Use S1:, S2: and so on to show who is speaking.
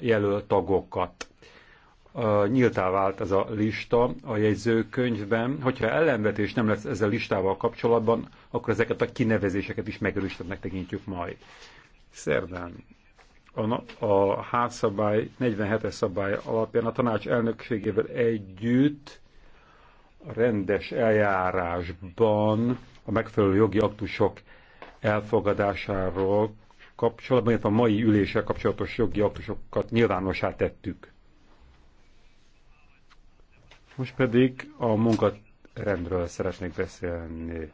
S1: jelölt tagokat. Nyíltá vált ez a lista a jegyzőkönyvben. Hogyha ellenvetés nem lesz ezzel listával kapcsolatban, akkor ezeket a kinevezéseket is megerősítettnek tekintjük majd. Szerdán a, a házszabály 47-es szabály alapján a tanács elnökségével együtt a rendes eljárásban a megfelelő jogi aktusok elfogadásáról kapcsolatban, illetve a mai üléssel kapcsolatos jogi aktusokat nyilvánossá tettük. Most pedig a munkarendről szeretnék beszélni.